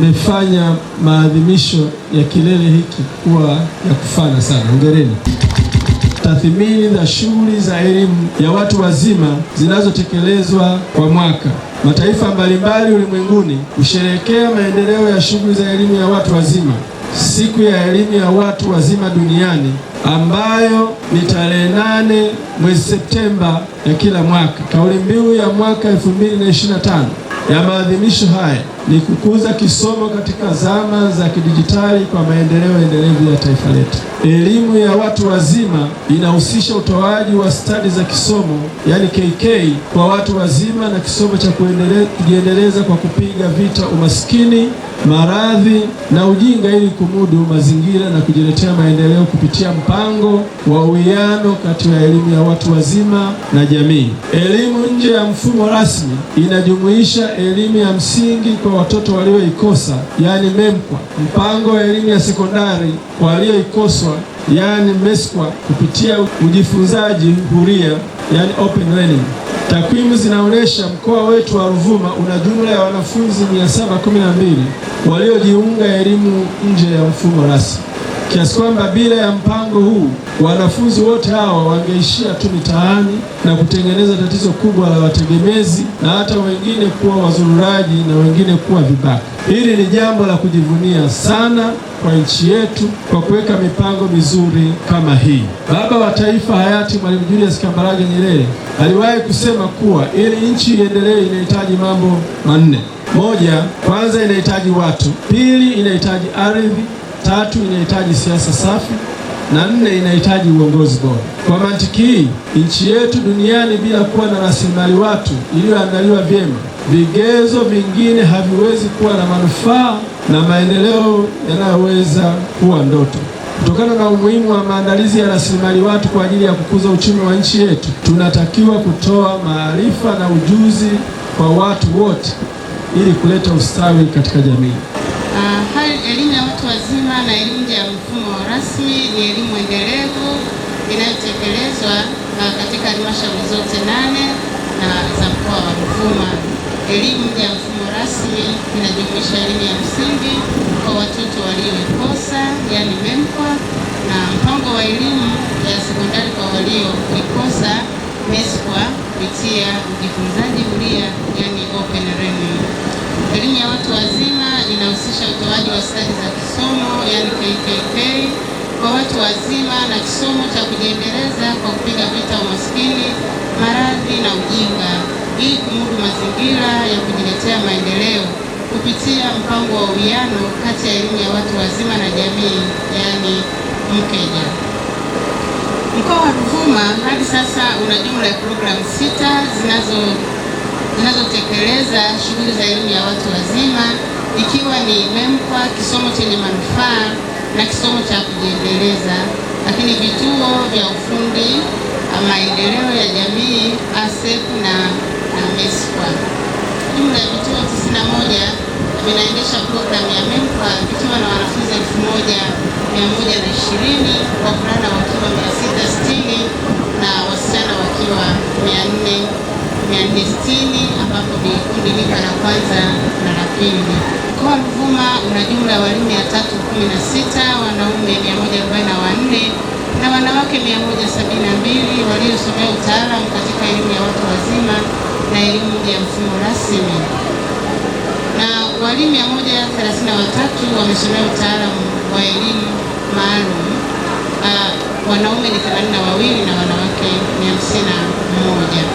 amefanya maadhimisho ya kilele hiki kuwa ya kufana sana. Hongereni. Tathmini za shughuli za elimu ya watu wazima zinazotekelezwa kwa mwaka. Mataifa mbalimbali ulimwenguni husherehekea maendeleo ya shughuli za elimu ya watu wazima. Siku ya elimu ya watu wazima duniani ambayo ni tarehe nane mwezi Septemba ya kila mwaka. Kauli mbiu ya mwaka 2025 ya maadhimisho haya ni kukuza kisomo katika zama za kidijitali kwa maendeleo endelevu ya taifa letu. Elimu ya watu wazima inahusisha utoaji wa stadi za kisomo, yani KK, kwa watu wazima na kisomo cha kujiendeleza kwa kupiga vita umaskini, maradhi na ujinga, ili kumudu mazingira na kujiletea maendeleo kupitia mpango wa uwiano kati ya elimu ya watu wazima na jamii. Elimu nje ya mfumo rasmi inajumuisha elimu ya msingi kwa watoto walioikosa yaani MEMKWA, mpango wa elimu ya sekondari walioikoswa yaani MESKWA kupitia ujifunzaji huria yaani open learning. Takwimu zinaonyesha mkoa wetu wa Ruvuma una jumla ya wanafunzi 712 waliojiunga elimu nje ya mfumo rasmi kiasi kwamba bila ya mpango huu wanafunzi wote hawa wangeishia tu mitaani na kutengeneza tatizo kubwa la wategemezi na hata wengine kuwa wazururaji na wengine kuwa vibaka. Hili ni jambo la kujivunia sana kwa nchi yetu kwa kuweka mipango mizuri kama hii. Baba wa Taifa hayati Mwalimu Julius Kambarage Nyerere aliwahi kusema kuwa ili nchi iendelee inahitaji mambo manne: moja, kwanza inahitaji watu; pili, inahitaji ardhi tatu inahitaji siasa safi na nne inahitaji uongozi bora. Kwa mantiki hii, nchi yetu duniani bila kuwa na rasilimali watu iliyoandaliwa vyema, vigezo vingine haviwezi kuwa na manufaa na maendeleo yanayoweza kuwa ndoto. Kutokana na umuhimu wa maandalizi ya rasilimali watu kwa ajili ya kukuza uchumi wa nchi yetu, tunatakiwa kutoa maarifa na ujuzi kwa watu wote ili kuleta ustawi katika jamii. rasmi ya elimu endelevu inayotekelezwa ah, katika halmashauri zote nane na za mkoa wa Ruvuma. Elimu ya mfumo rasmi inajumuisha elimu ya msingi kwa watoto walioikosa yani MEMKWA, na mpango wa elimu ya sekondari kwa walioikosa MESWA kupitia ujifunzaji huria yani open learning. Elimu ya watu wazima inahusisha utoaji wa stadi za kisomo watu wazima na kisomo cha kujiendeleza kwa kupiga vita umaskini, maradhi na ujinga, ili kumudu mazingira ya kujiletea maendeleo kupitia mpango wa uwiano kati ya elimu ya watu wazima na jamii, yaani Mkeja. Mkoa wa Ruvuma hadi sasa una jumla ya programu sita zinazo zinazotekeleza shughuli za elimu ya watu wazima ikiwa ni MEMKWA kisomo chenye manufaa na kisomo cha kujiendeleza, lakini vituo vya ufundi maendeleo ya jamii ASEP na, na MESWA. Jumla ya vituo 91 vinaendesha programu ya MEMKWA vikiwa na wanafunzi 1120 wavulana wakiwa 660 na wasichana wakiwa 460 ambapo vilikundi la kwanza na la pili. Mkoa wa Ruvuma una jumla ya walimu 316 wanaume 144 na wanawake 172 waliosomea utaalamu katika elimu ya watu wazima na elimu ya mfumo rasmi, na walimu 133 wamesomea utaalamu wa elimu maalum, ah, wanaume ni 82 na wanawake ni 51.